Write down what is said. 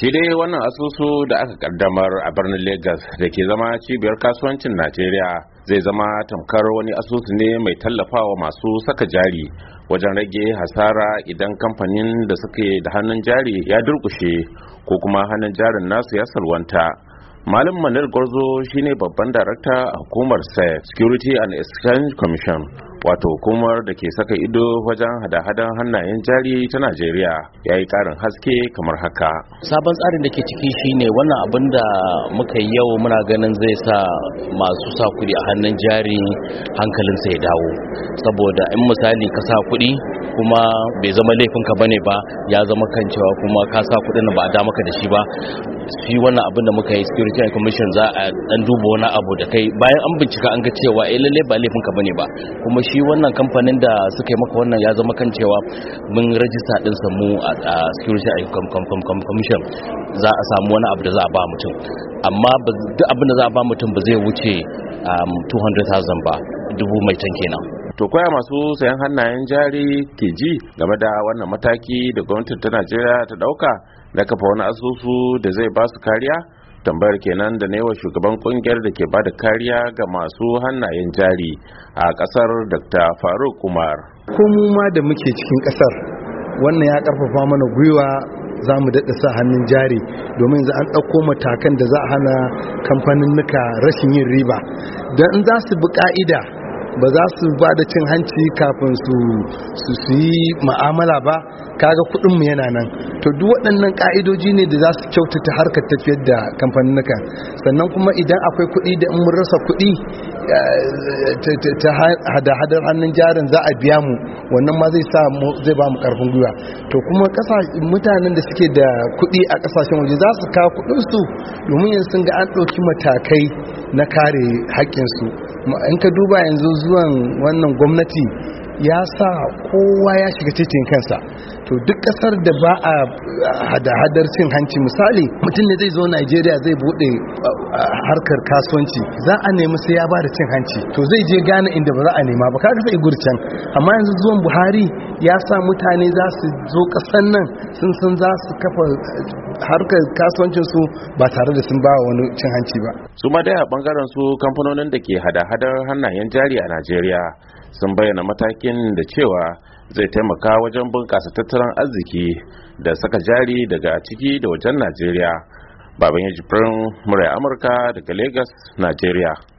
shi dai wannan asusu da aka kaddamar a birnin lagos da ke zama cibiyar kasuwancin najeriya zai zama tamkar wani asusu ne mai tallafawa masu saka jari wajen rage hasara idan kamfanin da suke da hannun jari ya durkushe ko kuma hannun jarin nasu ya salwanta malam manil gwarzo shine babban darakta a hukumar sec security and exchange commission wato hukumar da ke saka ido wajen hada-hadan hannayen jari ta najeriya ya yi karin haske kamar haka sabon tsarin da ke ciki shine wannan abin da muka yi yau muna ganin zai sa masu sa kuɗi a hannun jari hankalin sai dawo saboda in misali ka sa kuɗi kuma bai zama laifinka bane ba ya zama kan cewa kuma ka sa kuɗin ba a damaka da shi ba shi wannan abin da muka yi security and commission za a dan duba wani abu da kai bayan an bincika an ga cewa eh lalle ba laifin ka bane ba kuma shi wannan kamfanin da suka yi maka wannan ya zama kan cewa mun rajista din sa mu a security and commission za a samu wani abu da za a ba mutum amma duk abin da za a ba mutum ba zai wuce 200,000 um, ba dubu mai can kenan to koya masu sayan hannayen jari ke ji game da wannan mataki da gwamnatin ta najeriya ta dauka na kafa wani asusu da zai ba su kariya tambayar kenan da wa shugaban kungiyar da ke bada kariya ga masu hannayen jari a kasar dr faruk umar mu ma da muke cikin kasar wannan ya karfafa mana gwiwa za mu daɗa sa hannun jari domin za an ɗauko matakan da za a hana kamfanin nuka rashin yin riba don in za su bi ƙa'ida ba za su ba da cin hanci kafin su su yi ma'amala ba kaga kudin mu yana nan to duk waɗannan ka'idoji ne da za su kyautata harkar tafiyar da kamfaninnika sannan kuma idan akwai kuɗi da mun rasa kuɗi eh, ta hada-hadar hannun jarin za a biya mu wannan ma zai sa zai ba mu karfin gwiwa to kuma mutanen da suke da kuɗi a ƙasashen waje za su kawo kuɗinsu domin yanzu sun ga an ɗauki matakai na kare haƙƙinsu in ka duba yanzu zuwan wannan gwamnati ya sa kowa ya shiga titin kansa to duk kasar da ba a hada-hadar cin hanci misali mutum ne zai zo Najeriya zai bude harkar kasuwanci za a nemi sai ya ba da cin hanci to zai je gane inda ba za a nema ba kaga sai gurcan amma yanzu zuwan Buhari ya sa mutane za su zo kasan nan sun san za su kafa eh, harkar kasuwancinsu ba tare da sun ba wani cin hanci ba su ma dai bangaren su kamfanonin da ke hada-hadar hannayen jari a najeriya sun bayyana matakin da cewa zai taimaka wajen bunƙasa tattalin arziki da saka jari daga ciki da wajen najeriya baban ya jifirin murai amurka daga Legas najeriya